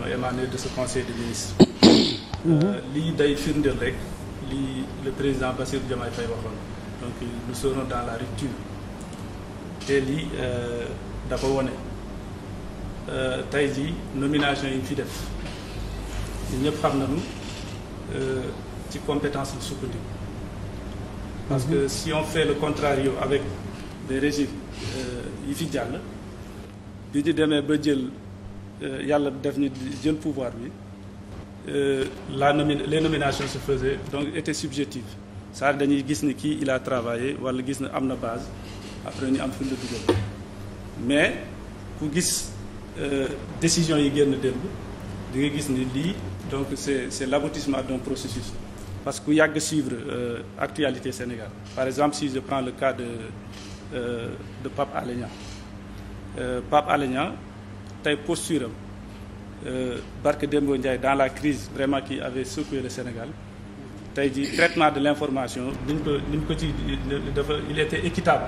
qui ont de ce conseil des ministres. Mhm. Euh, lii day firndeel rek lii le président Bassirou Diomaye Faye waxoon donc nous serons dans la rupture te lii euh, dafa wone euh, tey ji nomination yi fi def ñun ñëpp xam nañu ci compétence bu sukkandiku. parce que mhm. si on fait le contrario avec des régimes yi fi jàll. bi ñu demee ba jël. Euh, yàlla def ñu jël pouvoir bi euh, la nomi les nominations se faisaient donc étaient subjectives saa dañuy gis ni kii il a travaillé wala gis na am na base après ñu am fuñ la dugal mais ku gis euh, décision yi génn démb di nga gis ni lii donc c'est c'est l'aboutissement d'un processus parce que yàgg suivre euh, actualité Sénégal par exemple si je prends le cas de euh, de Alé Niang euh, Alé Niang tey posture am euh, Barke Dembo Ndiaye dans la crise vraiment qui avait secoué le Sénégal tey ji traitement de l'information ni ñu ko ni ñu ko ci dafa il était équitable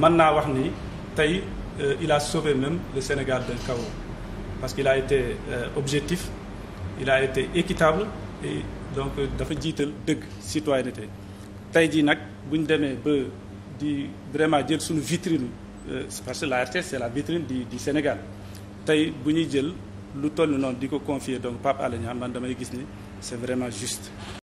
mën naa wax ni tey euh, il a sauvé Sénégal d'un chaos parce qu'il a euh, objectif il a été équitable donc dafa jiital dëgg citoyenneté tey jii nag bu ñu demee ba di vraiment jël suñu vitrine parce que la RTS c'est la vitrine du du Sénégal tey bu ñuy jël lu toll noonu di ko confier donc Pape Alé Niang damay gis ni c'est vraiment juste